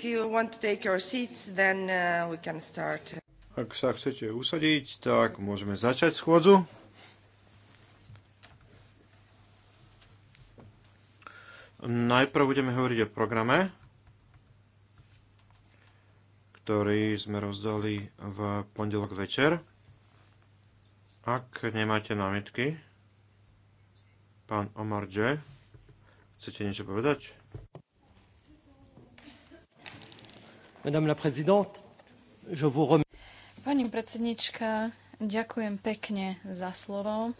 Uh, Ak sa chcete usadiť, tak môžeme začať schôdzu. Najprv budeme hovoriť o programe, ktorý sme rozdali v pondelok večer. Ak nemáte námietky, pán Omar Dže, chcete niečo povedať? Pani predsednička, ďakujem pekne za slovo.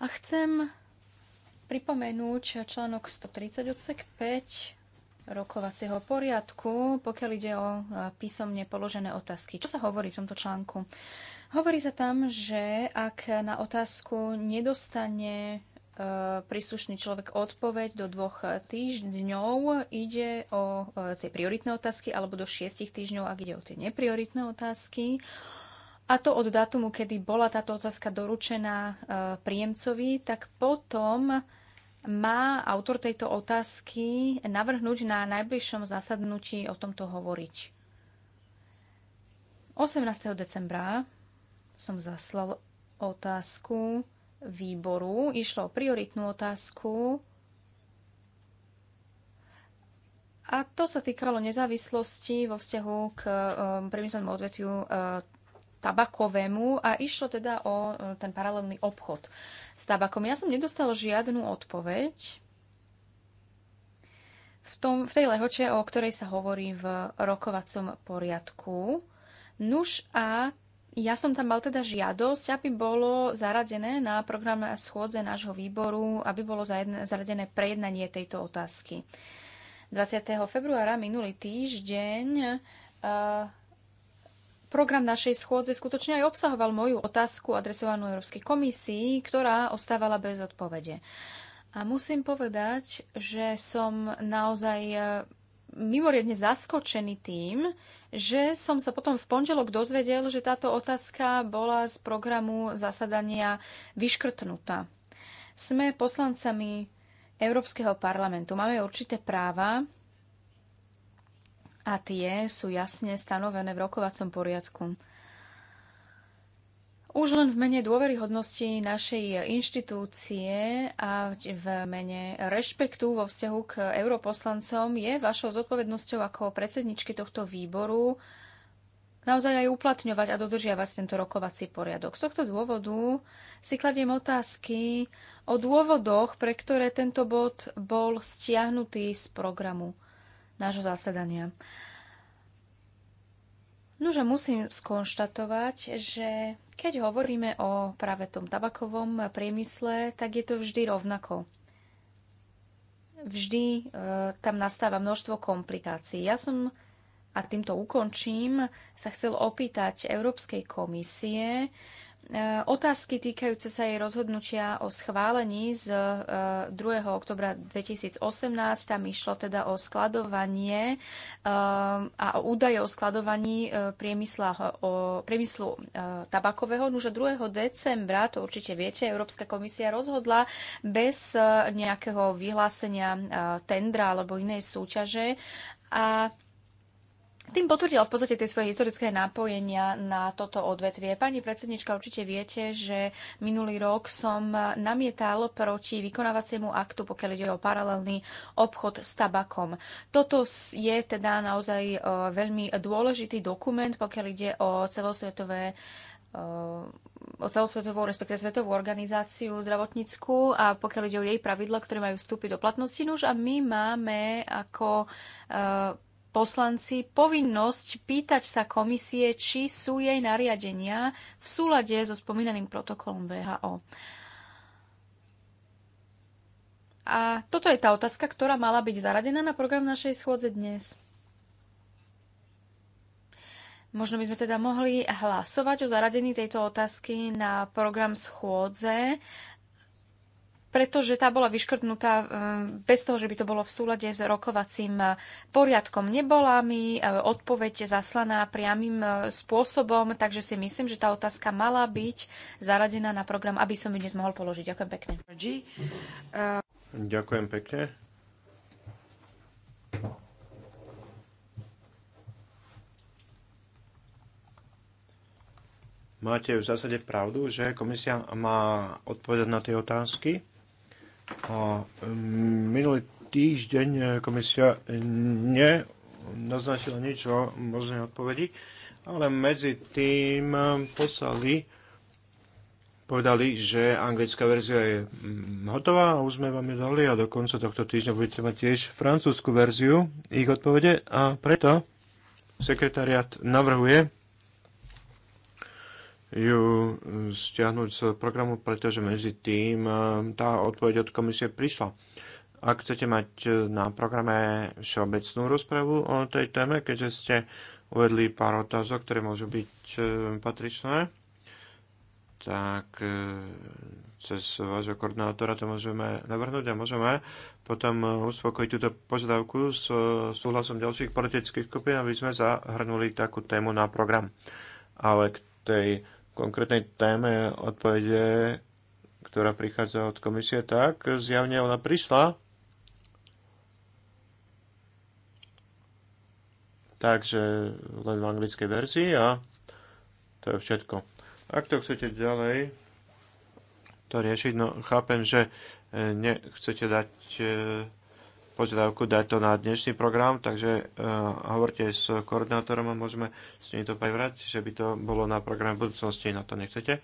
A chcem pripomenúť článok 130 odsek 5 rokovacieho poriadku, pokiaľ ide o e, písomne položené otázky. Čo sa hovorí v tomto článku? Hovorí sa tam, že ak na otázku nedostane E, príslušný človek odpoveď do dvoch týždňov. Ide o e, tie prioritné otázky alebo do šiestich týždňov, ak ide o tie neprioritné otázky. A to od datumu, kedy bola táto otázka doručená e, príjemcovi, tak potom má autor tejto otázky navrhnúť na najbližšom zasadnutí o tomto hovoriť. 18. decembra som zaslal otázku výboru išlo o prioritnú otázku a to sa týkalo nezávislosti vo vzťahu k e, priemyselnému odvetviu e, tabakovému a išlo teda o e, ten paralelný obchod s tabakom. Ja som nedostala žiadnu odpoveď v, tom, v tej lehoče, o ktorej sa hovorí v rokovacom poriadku. Nuž a ja som tam mal teda žiadosť, aby bolo zaradené na program schôdze nášho výboru, aby bolo zaradené prejednanie tejto otázky. 20. februára minulý týždeň e, Program našej schôdze skutočne aj obsahoval moju otázku adresovanú Európskej komisii, ktorá ostávala bez odpovede. A musím povedať, že som naozaj e, mimoriadne zaskočený tým, že som sa potom v pondelok dozvedel, že táto otázka bola z programu zasadania vyškrtnutá. Sme poslancami Európskeho parlamentu. Máme určité práva a tie sú jasne stanovené v rokovacom poriadku. Už len v mene dôveryhodnosti našej inštitúcie a v mene rešpektu vo vzťahu k europoslancom je vašou zodpovednosťou ako predsedničky tohto výboru naozaj aj uplatňovať a dodržiavať tento rokovací poriadok. Z tohto dôvodu si kladiem otázky o dôvodoch, pre ktoré tento bod bol stiahnutý z programu nášho zasedania. Nože musím skonštatovať, že keď hovoríme o práve tom tabakovom priemysle, tak je to vždy rovnako. Vždy e, tam nastáva množstvo komplikácií. Ja som, a týmto ukončím, sa chcel opýtať Európskej komisie, E, otázky týkajúce sa jej rozhodnutia o schválení z 2. E, oktobra 2018. Tam išlo teda o skladovanie e, a o údaje o skladovaní priemysla, o priemyslu tabakového. Nože 2. decembra, to určite viete, Európska komisia rozhodla bez nejakého vyhlásenia tendra alebo inej súťaže a tým potvrdila v podstate tie svoje historické nápojenia na toto odvetvie. Pani predsednička, určite viete, že minulý rok som namietal proti vykonávaciemu aktu, pokiaľ ide o paralelný obchod s tabakom. Toto je teda naozaj e, veľmi dôležitý dokument, pokiaľ ide o celosvetové e, o celosvetovú, respektíve svetovú organizáciu zdravotnícku a pokiaľ ide o jej pravidla, ktoré majú vstúpiť do platnosti, nuž a my máme ako e, poslanci povinnosť pýtať sa komisie, či sú jej nariadenia v súlade so spomínaným protokolom VHO. A toto je tá otázka, ktorá mala byť zaradená na program našej schôdze dnes. Možno by sme teda mohli hlasovať o zaradení tejto otázky na program schôdze pretože tá bola vyškrtnutá e, bez toho, že by to bolo v súlade s rokovacím e, poriadkom. Nebola mi e, odpoveď zaslaná priamým spôsobom, takže si myslím, že tá otázka mala byť zaradená na program, aby som ju dnes mohol položiť. Ďakujem pekne. Ďakujem pekne. Máte v zásade pravdu, že komisia má odpovedať na tie otázky? A mm, minulý týždeň komisia nenaznačila niečo možné odpovedi, ale medzi tým poslali povedali, že anglická verzia je mm, hotová a už sme vám ju dali a do konca tohto týždňa budete mať tiež francúzsku verziu ich odpovede a preto sekretariat navrhuje, ju eh, stiahnuť z programu, pretože medzi tým eh, tá odpoveď od komisie prišla. Ak chcete mať eh, na programe všeobecnú rozpravu o tej téme, keďže ste uvedli pár otázok, ktoré môžu byť patričné, tak cez vášho koordinátora to môžeme navrhnúť a môžeme potom uspokojiť túto požiadavku s súhlasom ďalších politických skupín, aby sme zahrnuli takú tému na program. Ale k tej konkrétnej téme odpovede, ktorá prichádza od komisie, tak zjavne ona prišla. Takže len v anglickej verzii a to je všetko. Ak to chcete ďalej to riešiť, no chápem, že eh, nechcete dať eh, požiadavku dať to na dnešný program, takže uh, hovorte s koordinátorom a môžeme s ním to prevrať, že by to bolo na program budúcnosti, na to nechcete.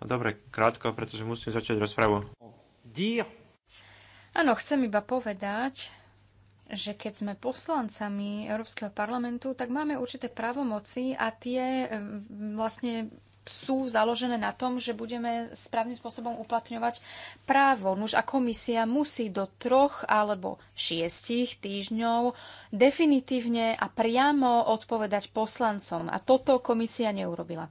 No dobre, krátko, pretože musím začať rozpravu. Áno, chcem iba povedať, že keď sme poslancami Európskeho parlamentu, tak máme určité právomoci a tie e, vlastne sú založené na tom, že budeme správnym spôsobom uplatňovať právo. Nuž a komisia musí do troch alebo šiestich týždňov definitívne a priamo odpovedať poslancom. A toto komisia neurobila.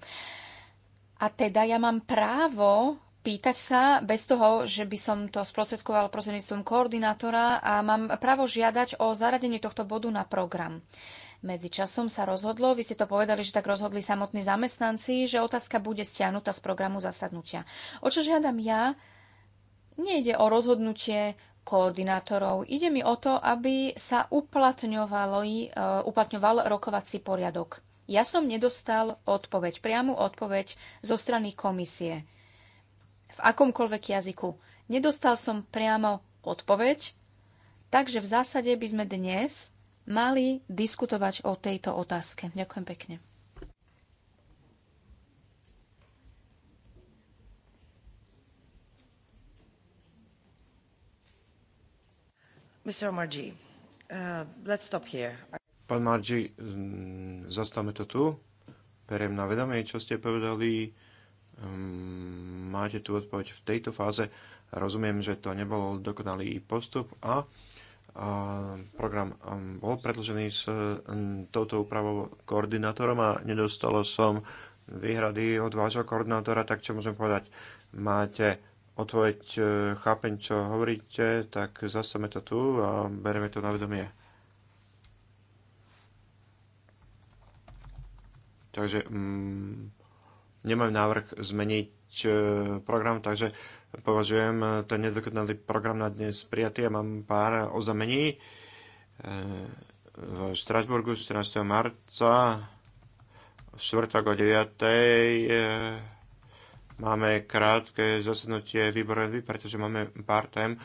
A teda ja mám právo pýtať sa bez toho, že by som to sprostredkoval prostredníctvom koordinátora a mám právo žiadať o zaradenie tohto bodu na program. Medzi časom sa rozhodlo, vy ste to povedali, že tak rozhodli samotní zamestnanci, že otázka bude stiahnutá z programu zasadnutia. O čo žiadam ja? Nejde o rozhodnutie koordinátorov. Ide mi o to, aby sa e, uplatňoval rokovací poriadok. Ja som nedostal odpoveď, priamu odpoveď zo strany komisie. V akomkoľvek jazyku. Nedostal som priamo odpoveď, takže v zásade by sme dnes mali diskutovať o tejto otázke. Ďakujem pekne. Mr. Margie, uh, let's stop here. Pán Margi, mm, zastavme to tu. Beriem na vedomie, čo ste povedali. Um, máte tu odpoveď v tejto fáze. Rozumiem, že to nebol dokonalý postup a program um, bol predlžený s um, touto úpravou koordinátorom a nedostalo som výhrady od vášho koordinátora, tak čo môžem povedať? Máte odpoveď, e, chápem, čo hovoríte, tak zastame to tu a bereme to na vedomie. Takže mm, nemám návrh zmeniť E, program, takže považujem e, ten nedokonalý program na dnes prijatý a mám pár oznamení. E, v Štrasburgu 14. marca v o 9. máme krátke zasadnutie výboru pretože máme pár tém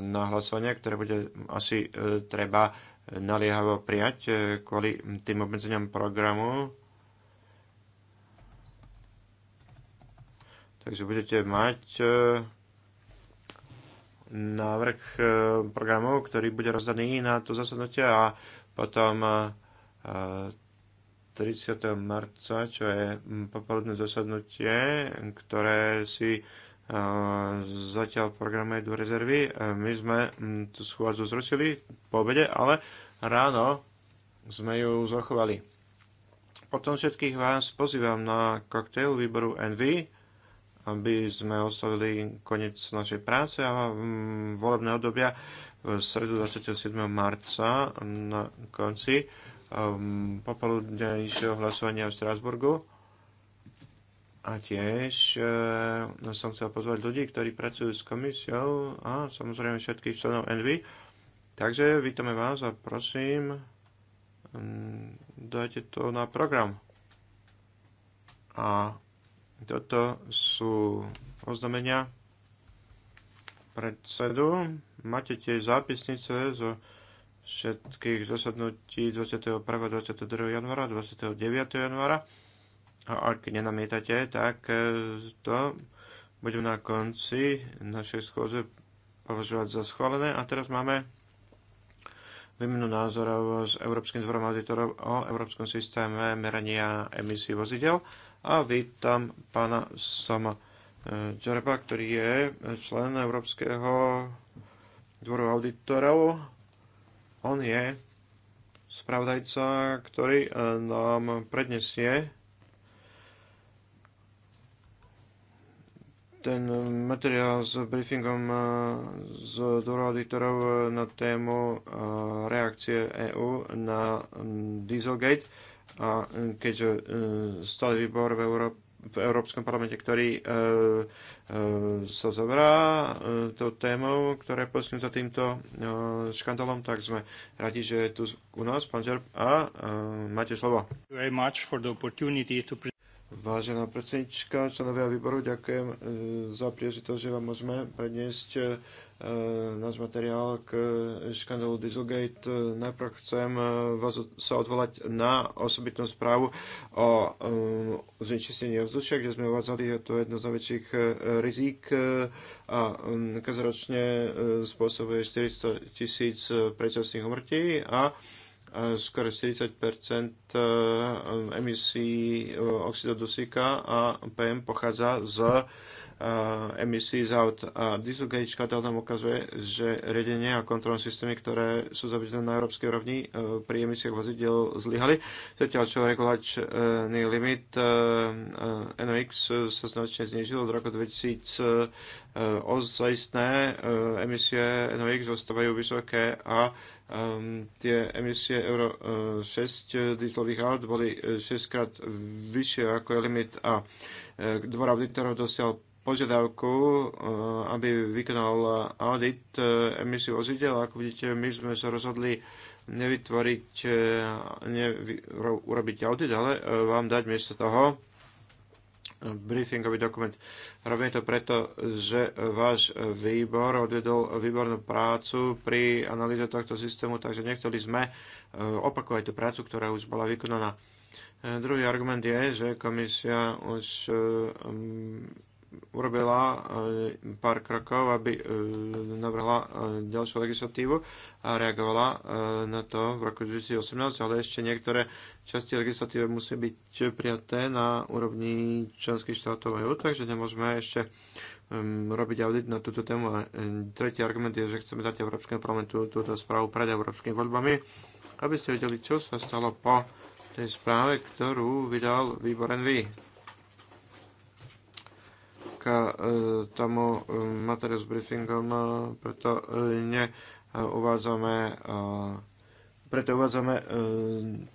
na hlasovanie, ktoré bude asi treba naliehavo prijať kvôli tým obmedzeniam programu Takže budete mať e, návrh e, programu, ktorý bude rozdaný na to zasadnutie a potom 30. E, marca, čo je popoludné zasadnutie, ktoré si zatiaľ programuje do rezervy. My sme tú schôdzu zrušili po obede, ale ráno sme ju zachovali. Potom všetkých vás pozývam na koktejl výboru NV aby sme oslovili koniec našej práce a mm, volebné obdobia v sredu 27. marca na konci ehm, popoludnejšieho hlasovania v Strasburgu. A tiež e, som chcel pozvať ľudí, ktorí pracujú s komisiou a samozrejme všetkých členov Envy. Takže vítame vás a prosím, mm, dajte to na program. A toto sú oznamenia predsedu. Máte tiež zápisnice zo všetkých zasadnutí 21. 22. januára, 29. januára. A ak nenamietate, tak e, to budem na konci našej schôze považovať za schválené. A teraz máme výmenu názorov s Európskym zborom auditorov o Európskom systéme merania emisí vozidel a vítam pána Sama Džerba, ktorý je člen Európskeho dvoru auditorov. On je spravdajca, ktorý e, nám prednesie ten materiál s briefingom e, z dvoru auditorov na tému e, reakcie EÚ na Dieselgate a e, keďže e, stále výbor v, Euró- v Európskom parlamente, ktorý e, e, sa zabrá e, tou témou, ktorá je posunutá týmto e, škandalom, tak sme radi, že je tu u nás pán Žerb a e, máte slovo. Vážená predsednička, členovia výboru, ďakujem e, za priežitosť, že vám môžeme predniesť e, náš materiál k e, škandálu Dieselgate. Najprv chcem vás sa odvolať na osobitnú správu o znečistení ovzdušia, kde sme uvádzali, že to je jedno z najväčších rizík a každoročne spôsobuje 400 tisíc predčasných umrtí a skoro 40 eh, emisí eh, oxidu dusíka a PM pochádza z Eh, emisí z aut. A Dieselgate to tam ukazuje, že riadenie a kontrolné systémy, ktoré sú zavedené na európskej rovni eh, pri emisiach vozidel zlyhali. Zatiaľ, čo regulačný eh, limit NOx sa značne znižil od roku 2000 ozajstné emisie NOx zostávajú vysoké a um, tie emisie Euro uh, 6 dieselových aut boli 6 krát vyššie ako je limit a uh, dvor auditorov dosiaľ požiadavku, eh, aby vykonal eh, audit eh, emisí vozidel. Ako vidíte, my sme sa rozhodli nevytvoriť, nevy, urobiť audit, ale vám dať miesto toho briefingový dokument. Robíme to preto, že váš výbor odvedol výbornú prácu pri analýze tohto systému, takže nechceli sme opakovať tú prácu, ktorá už bola vykonaná. Druhý argument je, že komisia už urobila e, pár krokov, aby e, navrhla e, ďalšiu legislatívu a reagovala na to v roku 2018, ale ešte niektoré časti legislatívy musí byť prijaté na úrovni členských štátov EU, takže nemôžeme ešte robiť audit na túto tému. A tretí argument je, že chceme dať Európskemu parlamentu túto správu pred európskymi voľbami, aby ste vedeli, čo sa stalo po tej správe, ktorú vydal výbor NV vďaka e, tomu e, materiálu s briefingom, e, preto ne uvádzame preto uvádzame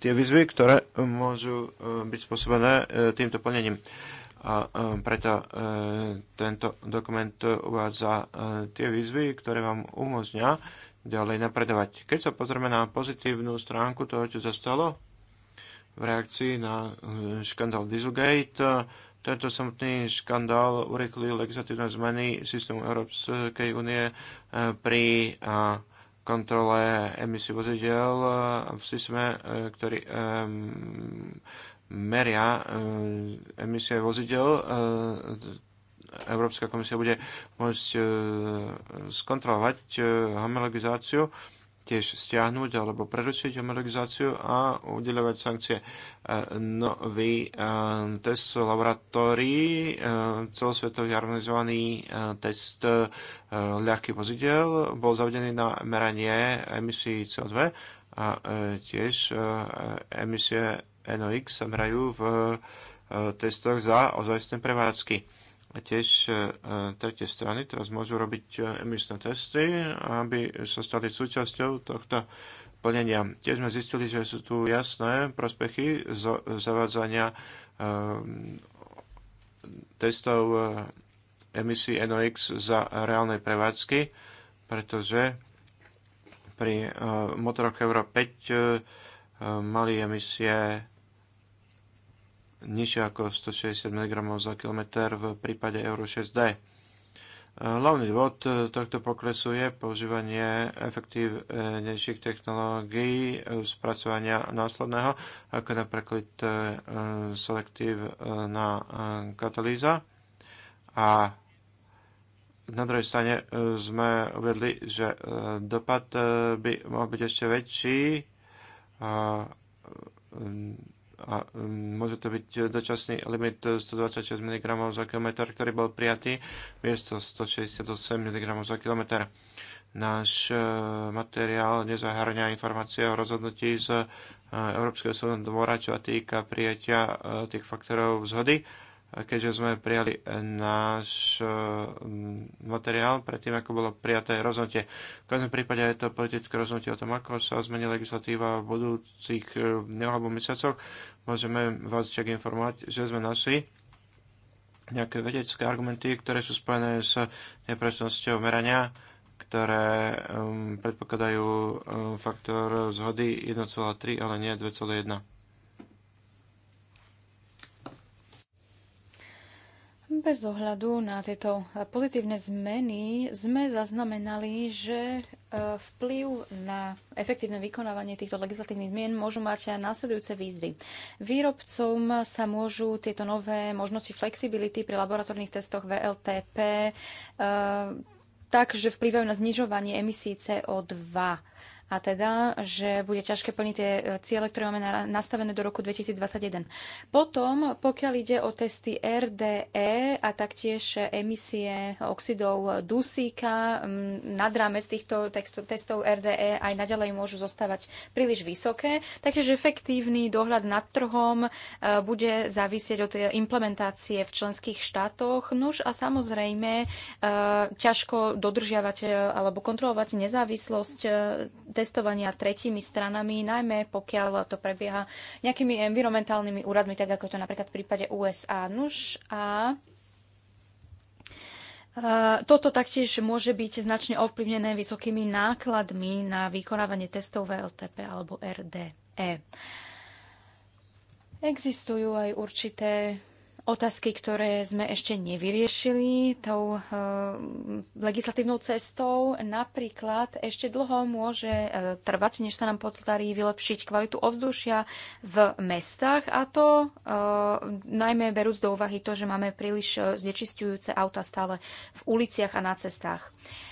tie výzvy, ktoré môžu byť spôsobené týmto plnením. A preto tento dokument uvádza tie výzvy, ktoré vám umožňa ďalej napredovať. Keď sa pozrieme na pozitívnu stránku toho, čo sa stalo v reakcii na škandál Dieselgate, tento samotný škandál urychlí legislatívne zmeny systému Európskej únie eh, pri eh, kontrole emisí vozidel eh, v systéme, ktorý meria emisie vozidel. Európska komisia bude môcť skontrolovať homologizáciu tiež stiahnuť alebo prerušiť homologizáciu a udeľovať sankcie. E, nový e, test laboratórií, e, celosvetový harmonizovaný test ľahkých vozidel bol zavedený na meranie emisí CO2 a tiež emisie NOx sa merajú v testoch za ozajstné prevádzky tiež e, e, tretie strany teraz môžu robiť e, emisné testy, aby sa stali súčasťou tohto plnenia. Tiež sme zistili, že sú tu jasné prospechy z zavádzania testov emisí NOx za reálnej prevádzky, pretože pri motoroch Euro 5 mali emisie nižšie ako 160 mg za kilometr v prípade Euro 6D. E, Hlavný dôvod e, tohto poklesu je používanie efektívnejších technológií e, spracovania následného, ako napríklad na katalýza. A na druhej strane sme uvedli, že dopad by mohol byť ešte väčší a um, môže to byť dočasný limit 126 mg za km, ktorý bol prijatý, miesto 168 mg za km. Náš e, materiál nezahrňa informácie o rozhodnutí z e, Európskeho súdneho dvora, čo týka prijatia e, tých faktorov zhody keďže sme prijali náš e, materiál predtým, ako bolo prijaté rozhodnutie. V každom prípade je to politické rozhodnutie o tom, ako sa zmení legislatíva v budúcich dňoch e, alebo mesiacoch. Môžeme vás však informovať, že sme našli nejaké vedecké argumenty, ktoré sú spojené s nepresnosťou merania, ktoré um, predpokladajú um, faktor zhody 1,3, ale nie 2,1. Bez ohľadu na tieto pozitívne zmeny sme zaznamenali, že e, vplyv na efektívne vykonávanie týchto legislatívnych zmien môžu mať aj následujúce výzvy. Výrobcom sa môžu tieto nové možnosti flexibility pri laboratórnych testoch VLTP e, takže vplyvajú na znižovanie emisí CO2 a teda, že bude ťažké plniť tie e, ciele, ktoré máme nastavené do roku 2021. Potom, pokiaľ ide o testy RDE a taktiež emisie oxidov dusíka, nad rámec týchto testov RDE aj naďalej môžu zostávať príliš vysoké, takže efektívny dohľad nad trhom e, bude závisieť od e, implementácie v členských štátoch. Nož a samozrejme ťažko dodržiavať alebo kontrolovať nezávislosť testovania tretími stranami, najmä pokiaľ to prebieha nejakými environmentálnymi úradmi, tak ako to napríklad v prípade USA. Nuž a e, toto taktiež môže byť značne ovplyvnené vysokými nákladmi na vykonávanie testov VLTP alebo RDE. Existujú aj určité otázky, ktoré sme ešte nevyriešili tou e, legislatívnou cestou. Napríklad ešte dlho môže e, trvať, než sa nám podarí vylepšiť kvalitu ovzdušia v mestách a to e, najmä berúc do úvahy to, že máme príliš znečistujúce auta stále v uliciach a na cestách. E,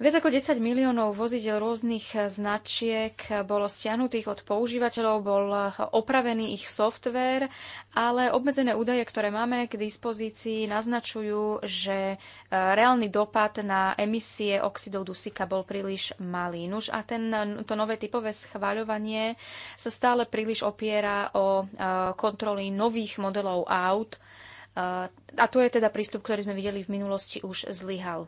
Viac ako 10 miliónov vozidel rôznych značiek bolo stiahnutých od používateľov, bol opravený ich software, ale obmedzené údaje, ktoré máme k dispozícii, naznačujú, že e, reálny dopad na emisie oxidov dusika bol príliš malý. Nuž a ten, to nové typové schváľovanie sa stále príliš opiera o e, kontroly nových modelov aut, e, a to je teda prístup, ktorý sme videli v minulosti už zlyhal.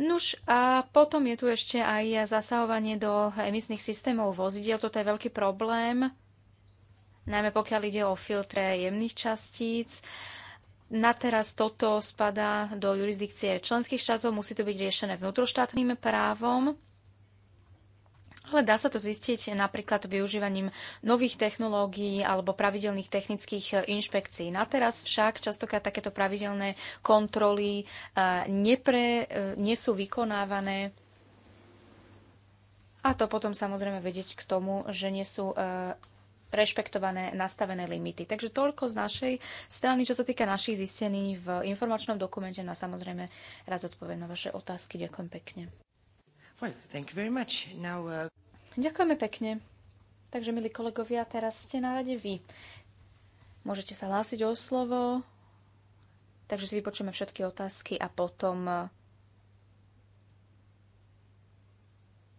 Nuž a potom je tu ešte aj zasahovanie do emisných systémov vozidiel. Toto je veľký problém, najmä pokiaľ ide o filtre jemných častíc. Na teraz toto spadá do jurisdikcie členských štátov, musí to byť riešené vnútroštátnym právom. Ale dá sa to zistiť napríklad využívaním nových technológií alebo pravidelných technických e, inšpekcií. Na teraz však častokrát takéto pravidelné kontroly e, nepre, e, nie sú vykonávané. A to potom samozrejme vedieť k tomu, že nie sú rešpektované nastavené limity. Takže toľko z našej strany, čo sa týka našich zistení v informačnom dokumente. No a samozrejme rád zodpoviem na vaše otázky. Ďakujem pekne. Well, thank you very much. Now, uh... Ďakujeme pekne. Takže, milí kolegovia, teraz ste na rade vy. Môžete sa hlásiť o slovo, takže si vypočujeme všetky otázky a potom uh,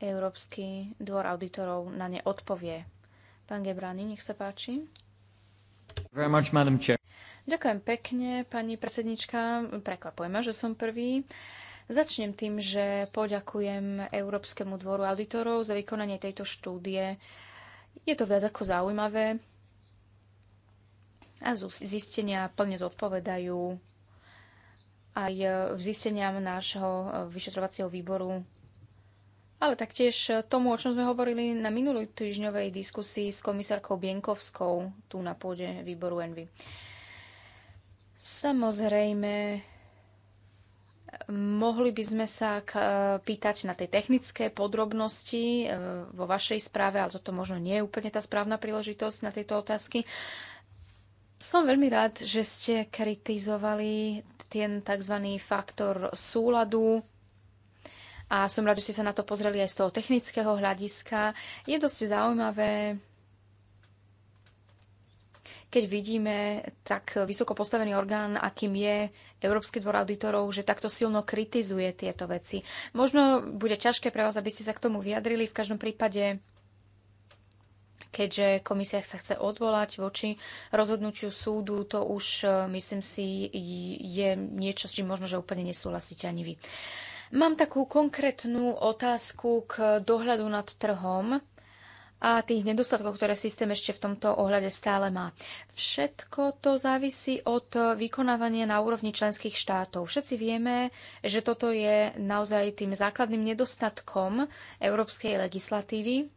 Európsky dvor auditorov na ne odpovie. Pán Gebrani, nech sa páči. Very much, Madam Chair. Ďakujem pekne, pani predsednička. Prekvapujeme, že som prvý. Uh, Začnem tým, že poďakujem Európskemu dvoru auditorov za vykonanie tejto štúdie. Je to viac ako zaujímavé a zistenia plne zodpovedajú aj zisteniam nášho vyšetrovacieho výboru ale taktiež tomu, o čom sme hovorili na minulý týždňovej diskusii s komisárkou Bienkovskou tu na pôde výboru Envy. Samozrejme, Mohli by sme sa e, pýtať na tie technické podrobnosti e, vo vašej správe, ale toto možno nie je úplne tá správna príležitosť na tieto otázky. Som veľmi rád, že ste kritizovali ten tzv. faktor súladu a som rád, že ste sa na to pozreli aj z toho technického hľadiska. Je dosť zaujímavé keď vidíme tak vysoko postavený orgán, akým je Európsky dvor auditorov, že takto silno kritizuje tieto veci. Možno bude ťažké pre vás, aby ste sa k tomu vyjadrili. V každom prípade keďže komisia sa chce odvolať voči rozhodnutiu súdu, to už e, myslím si je niečo, s čím možno, že úplne nesúhlasíte ani vy. Mám takú konkrétnu otázku k dohľadu nad trhom a tých nedostatkov, ktoré systém ešte v tomto ohľade stále má. Všetko to závisí od vykonávania na úrovni členských štátov. Všetci vieme, že toto je naozaj tým základným nedostatkom európskej legislatívy.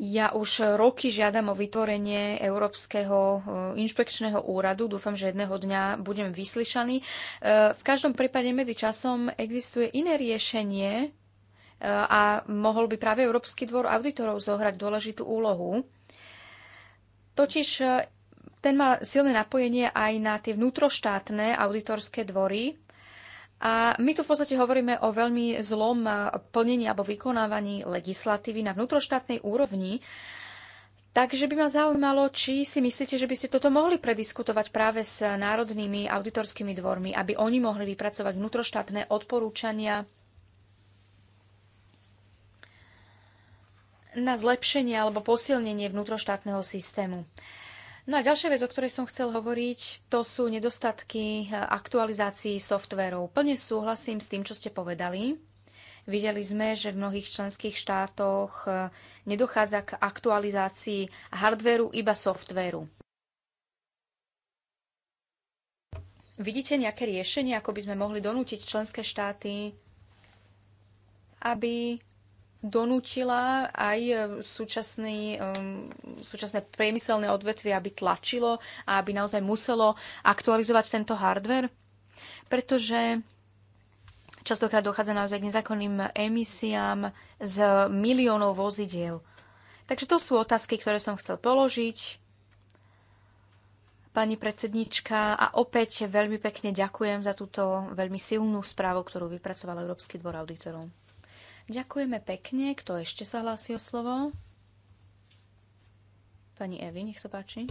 Ja už roky žiadam o vytvorenie Európskeho eh, inšpekčného úradu. Dúfam, že jedného dňa budem vyslyšaný. Eh, v každom prípade medzi časom existuje iné riešenie, a mohol by práve Európsky dvor auditorov zohrať dôležitú úlohu. Totiž e, ten má silné napojenie aj na tie vnútroštátne auditorské dvory. A my tu v podstate hovoríme o veľmi zlom plnení alebo vykonávaní legislatívy na vnútroštátnej úrovni. Takže by ma zaujímalo, či si myslíte, že by ste toto mohli prediskutovať práve s národnými auditorskými dvormi, aby oni mohli vypracovať vnútroštátne odporúčania na zlepšenie alebo posilnenie vnútroštátneho systému. No a ďalšia vec, o ktorej som chcel hovoriť, to sú nedostatky eh, aktualizácií softverov. Plne súhlasím s tým, čo ste povedali. Videli sme, že v mnohých členských štátoch eh, nedochádza k aktualizácii hardvéru, iba softveru. Vidíte nejaké riešenie, ako by sme mohli donútiť členské štáty, aby donútila aj um, súčasný, um, súčasné priemyselné odvetvie, aby tlačilo a aby naozaj muselo aktualizovať tento hardware? Pretože častokrát dochádza naozaj k nezákonným emisiám z miliónov vozidiel. Takže to sú otázky, ktoré som chcel položiť. Pani predsednička, a opäť veľmi pekne ďakujem za túto veľmi silnú správu, ktorú vypracoval Európsky dvor auditorov. Ďakujeme pekne. Kto ešte sa hlási o slovo? Pani Evi, nech sa páči.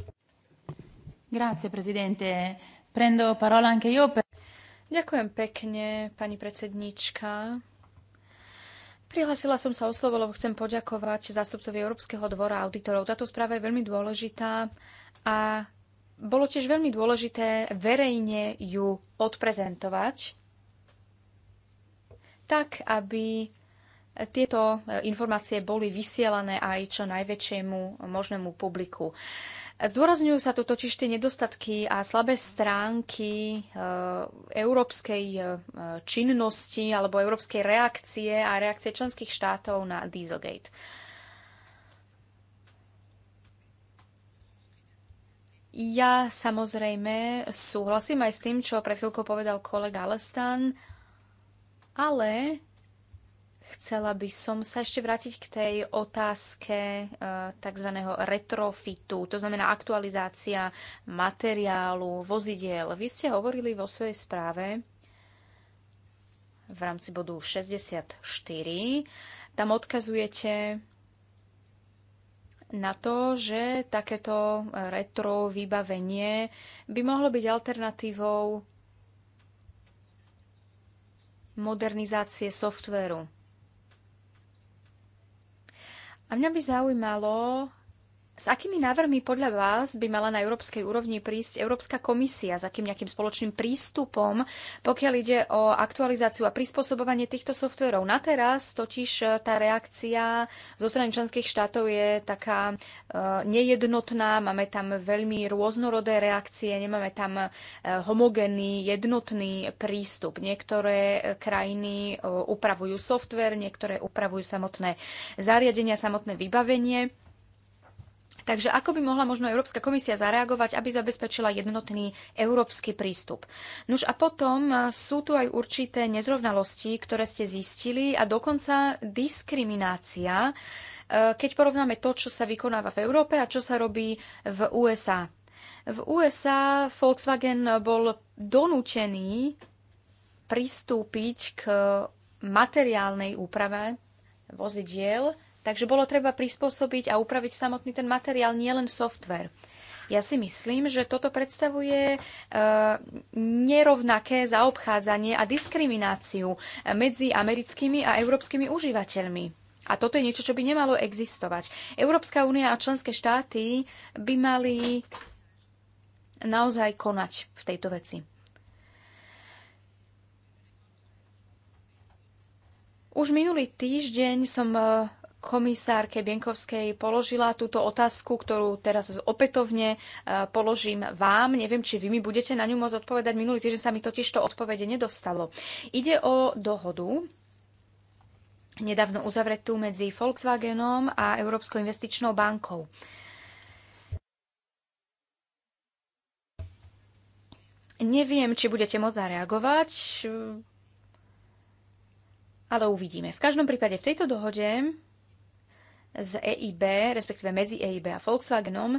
Grazie, prezidente. Prendo parola anche io per... Ďakujem pekne, pani predsednička. Prihlásila som sa o slovo, lebo chcem poďakovať zástupcovi Európskeho dvora auditorov. Táto správa je veľmi dôležitá a bolo tiež veľmi dôležité verejne ju odprezentovať, tak aby tieto e, informácie boli vysielané aj čo najväčšiemu možnému publiku. Zdôrazňujú sa tu totiž tie nedostatky a slabé stránky e, európskej e, činnosti alebo európskej reakcie a reakcie členských štátov na Dieselgate. Ja samozrejme súhlasím aj s tým, čo pred chvíľkou povedal kolega Alestan, ale Chcela by som sa ešte vrátiť k tej otázke e, tzv. retrofitu, to znamená aktualizácia materiálu, vozidiel. Vy ste hovorili vo svojej správe v rámci bodu 64. Tam odkazujete na to, že takéto retro vybavenie by mohlo byť alternatívou modernizácie softvéru. A mňa by zaujímalo, s akými návrhmi podľa vás by mala na európskej úrovni prísť Európska komisia, s akým nejakým spoločným prístupom, pokiaľ ide o aktualizáciu a prispôsobovanie týchto softverov? Na teraz totiž e, tá reakcia zo strany členských štátov je taká e, nejednotná, máme tam veľmi rôznorodé reakcie, nemáme tam e, homogénny, jednotný prístup. Niektoré krajiny upravujú softver, niektoré upravujú samotné zariadenia, samotné vybavenie Takže ako by mohla možno Európska komisia zareagovať, aby zabezpečila jednotný európsky prístup? Nuž a potom e, sú tu aj určité nezrovnalosti, ktoré ste zistili a dokonca diskriminácia, e, keď porovnáme to, čo sa vykonáva v Európe a čo sa robí v USA. V USA Volkswagen bol donútený pristúpiť k materiálnej úprave vozidiel, Takže bolo treba prispôsobiť a upraviť samotný ten materiál, nielen software. Ja si myslím, že toto predstavuje e, nerovnaké zaobchádzanie a diskrimináciu medzi americkými a európskymi užívateľmi. A toto je niečo, čo by nemalo existovať. Európska únia a členské štáty by mali naozaj konať v tejto veci. Už minulý týždeň som e, komisárke Bienkovskej položila túto otázku, ktorú teraz opätovne e, položím vám. Neviem, či vy mi budete na ňu môcť odpovedať. Minulý týždeň sa mi totiž to odpovede nedostalo. Ide o dohodu, nedávno uzavretú medzi Volkswagenom a Európskou investičnou bankou. Neviem, či budete môcť zareagovať, e, ale uvidíme. V každom prípade v tejto dohode z EIB, respektíve medzi EIB a Volkswagenom,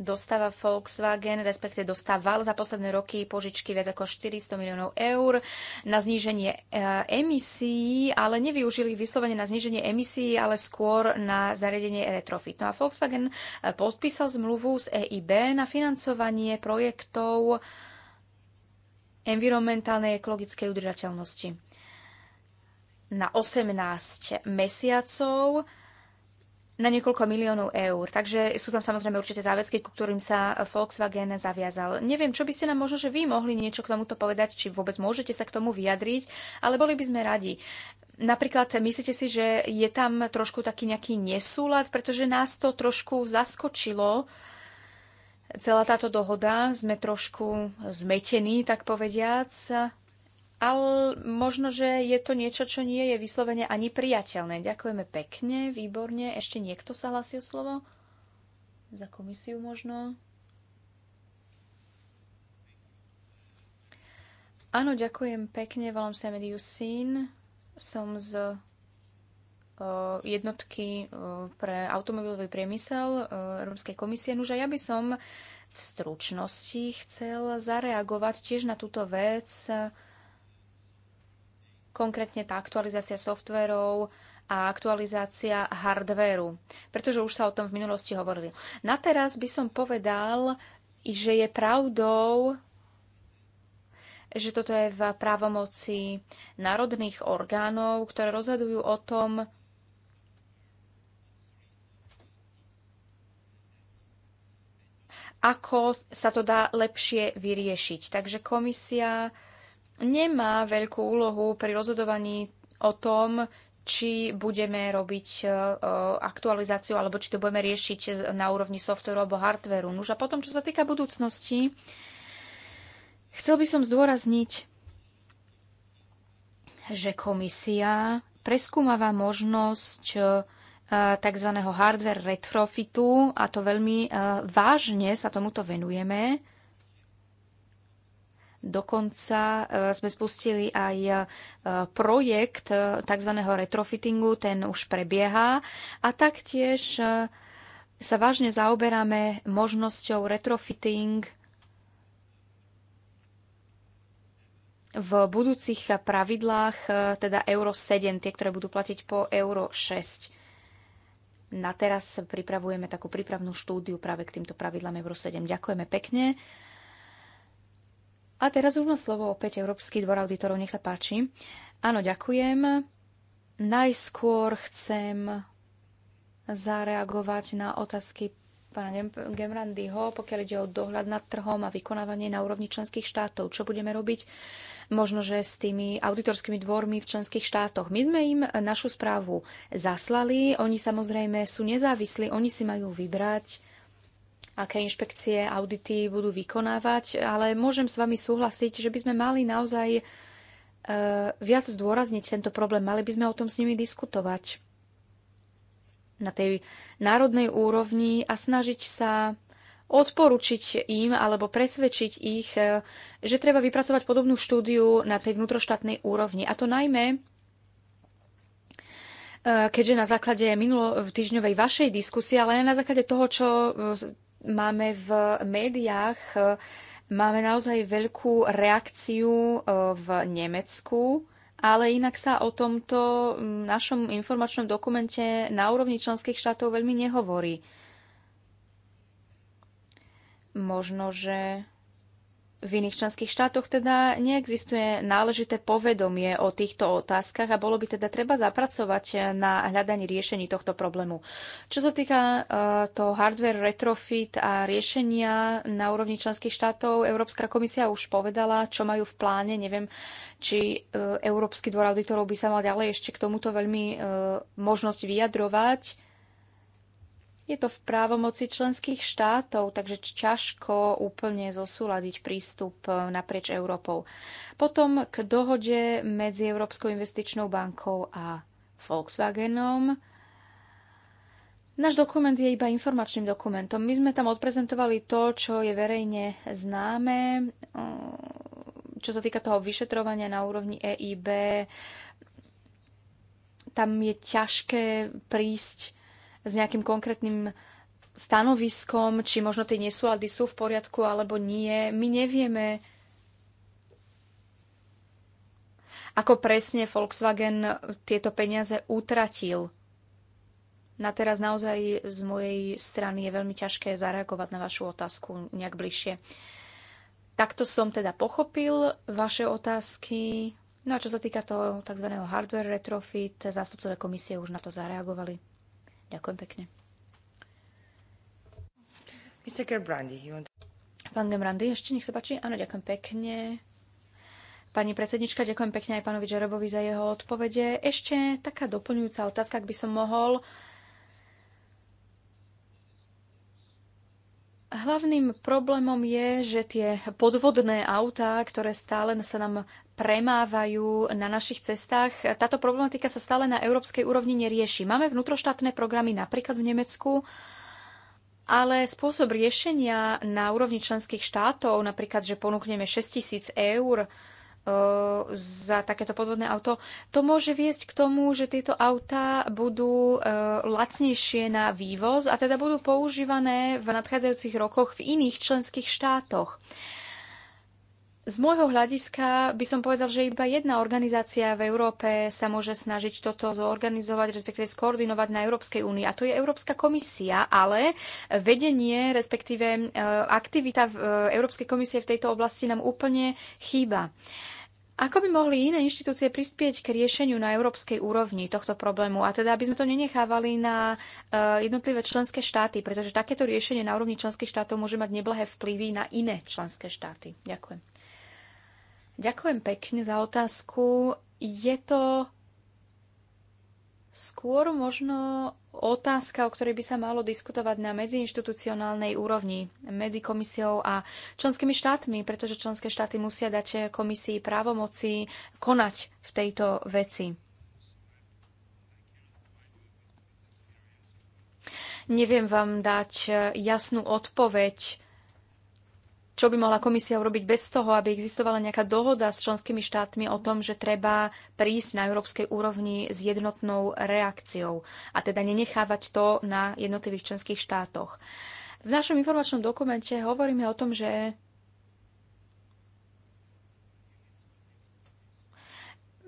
dostáva Volkswagen, respektive dostával za posledné roky požičky viac ako 400 miliónov eur na zníženie e, emisí, ale nevyužili vyslovene na zníženie emisí, ale skôr na zariadenie retrofit. No a Volkswagen e, podpísal zmluvu z EIB na financovanie projektov environmentálnej ekologickej udržateľnosti. Na 18 mesiacov na niekoľko miliónov eur. Takže sú tam samozrejme určité záväzky, ku ktorým sa Volkswagen zaviazal. Neviem, čo by ste nám možno, že vy mohli niečo k tomuto povedať, či vôbec môžete sa k tomu vyjadriť, ale boli by sme radi. Napríklad myslíte si, že je tam trošku taký nejaký nesúlad, pretože nás to trošku zaskočilo, uh, celá táto dohoda. Sme trošku zmetení, tak povediac. Ale možno, že je to niečo, čo nie je vyslovene ani priateľné. Ďakujeme pekne, výborne. Ešte niekto sa hlasí o slovo? Za komisiu možno? Áno, ďakujem pekne. Volám sa Mediusín. Som z Eh, jednotky eh, pre automobilový priemysel eh, Európskej komisie. Nože ja by som v stručnosti chcel zareagovať tiež na túto vec, konkrétne tá aktualizácia softverov a aktualizácia hardvéru, pretože už sa o tom v minulosti hovorili. Na teraz by som povedal, že je pravdou, že toto je v právomoci národných orgánov, ktoré rozhodujú o tom, ako sa to dá lepšie vyriešiť. Takže komisia nemá veľkú úlohu pri rozhodovaní o tom, či budeme robiť e, aktualizáciu, alebo či to budeme riešiť na úrovni softveru alebo hardveru. Nuž a potom, čo sa týka budúcnosti, chcel by som zdôrazniť, že komisia preskúmava možnosť E, tzv. hardware retrofitu a to veľmi e, vážne sa tomuto venujeme. Dokonca e, sme spustili aj projekt tzv. retrofittingu, ten už prebieha a taktiež sa vážne zaoberáme možnosťou retrofitting v budúcich pravidlách, teda Euro 7, tie, ktoré budú platiť po Euro 6 na teraz pripravujeme takú prípravnú štúdiu práve k týmto pravidlám Euro 7. Ďakujeme pekne. A teraz už má slovo opäť Európsky dvor auditorov. Nech sa páči. Áno, ďakujem. Najskôr chcem zareagovať na otázky pána Gemrandyho, pokiaľ ide o dohľad nad trhom a vykonávanie na úrovni členských štátov. Čo budeme robiť? Možno, že s tými auditorskými dvormi v členských štátoch. My sme im našu správu zaslali. Oni samozrejme sú nezávislí. Oni si majú vybrať, aké inšpekcie, audity budú vykonávať. Ale môžem s vami súhlasiť, že by sme mali naozaj eh, viac zdôrazniť tento problém. Mali by sme o tom s nimi diskutovať na tej národnej úrovni a snažiť sa odporučiť im alebo presvedčiť ich, e, že treba vypracovať podobnú štúdiu na tej vnútroštátnej úrovni. A to najmä, e, keďže na základe minulo v týždňovej vašej diskusie, ale aj na základe toho, čo e, máme v médiách, máme naozaj veľkú reakciu v Nemecku ale inak sa o tomto mm, našom informačnom dokumente na úrovni členských štátov veľmi nehovorí. Možno, že v iných členských štátoch teda neexistuje náležité povedomie o týchto otázkach a bolo by teda treba zapracovať na hľadanie riešení tohto problému. Čo sa týka e, to hardware retrofit a riešenia na úrovni členských štátov, Európska komisia už povedala, čo majú v pláne. Neviem, či e, Európsky dvor auditorov by sa mal ďalej ešte k tomuto veľmi e, možnosť vyjadrovať je to v právomoci členských štátov, takže ťažko úplne zosúľadiť prístup e, naprieč Európou. Potom k dohode medzi Európskou investičnou bankou a Volkswagenom. Náš dokument je iba informačným dokumentom. My sme tam odprezentovali to, čo je verejne známe, e, čo sa týka toho vyšetrovania na úrovni EIB. Tam je ťažké prísť s nejakým konkrétnym stanoviskom, či možno tie nesúlady sú v poriadku alebo nie. My nevieme, ako presne Volkswagen tieto peniaze utratil. Na teraz naozaj z mojej strany je veľmi ťažké zareagovať na vašu otázku nejak bližšie. Takto som teda pochopil vaše otázky. No a čo sa týka toho tzv. hardware retrofit, zástupcové komisie už na to zareagovali. Ďakujem pekne. Mr. Gerbrandy, you want... Pán Gemrandy, ešte nech sa páči. Áno, ďakujem pekne. Pani predsednička, ďakujem pekne aj pánovi Džerobovi za jeho odpovede. Ešte taká doplňujúca otázka, ak by som mohol. Hlavným problémom je, že tie podvodné autá, ktoré stále sa nám premávajú na našich cestách. Táto problematika sa stále na európskej úrovni nerieši. Máme vnútroštátne programy napríklad v Nemecku, ale spôsob riešenia na úrovni členských štátov, napríklad, že ponúkneme 6000 eur e, za takéto podvodné auto. To môže viesť k tomu, že tieto autá budú e, lacnejšie na vývoz a teda budú používané v nadchádzajúcich rokoch v iných členských štátoch. Z môjho hľadiska by som povedal, že iba jedna organizácia v Európe sa môže snažiť toto zorganizovať, respektíve skoordinovať na Európskej únii. A to je Európska komisia, ale vedenie, respektíve e, aktivita e, Európskej komisie v tejto oblasti nám úplne chýba. Ako by mohli iné inštitúcie prispieť k riešeniu na európskej úrovni tohto problému? A teda, aby sme to nenechávali na e, jednotlivé členské štáty, pretože takéto riešenie na úrovni členských štátov môže mať neblahé vplyvy na iné členské štáty. Ďakujem. Ďakujem pekne za otázku. Je to skôr možno otázka, o ktorej by sa malo diskutovať na medziinštitucionálnej úrovni medzi komisiou a členskými štátmi, pretože členské štáty musia dať komisii právomoci konať v tejto veci. Neviem vám dať jasnú odpoveď čo by mohla komisia urobiť bez toho, aby existovala nejaká dohoda s členskými štátmi o tom, že treba prísť na európskej úrovni s jednotnou reakciou a teda nenechávať to na jednotlivých členských štátoch. V našom informačnom dokumente hovoríme o tom, že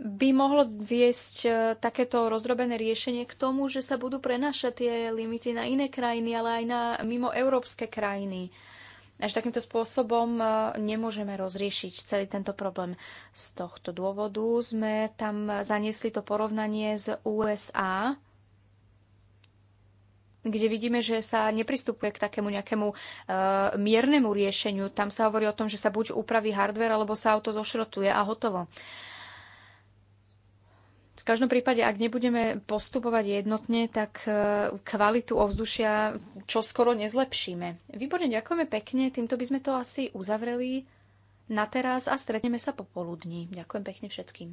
by mohlo viesť e, takéto rozdrobené riešenie k tomu, že sa budú prenašať tie limity na iné krajiny, ale aj na mimo európske krajiny. Až takýmto spôsobom e, nemôžeme rozriešiť celý tento problém. Z tohto dôvodu sme tam zaniesli to porovnanie z USA, kde vidíme, že sa nepristupuje k takému nejakému e, miernemu riešeniu. Tam sa hovorí o tom, že sa buď upraví hardware, alebo sa auto zošrotuje a hotovo. E, v každom prípade, ak nebudeme postupovať jednotne, tak e, kvalitu ovzdušia čo skoro nezlepšíme. Výborne, ďakujeme pekne. Týmto by sme to asi uzavreli na teraz a stretneme sa popoludní. Ďakujem pekne všetkým.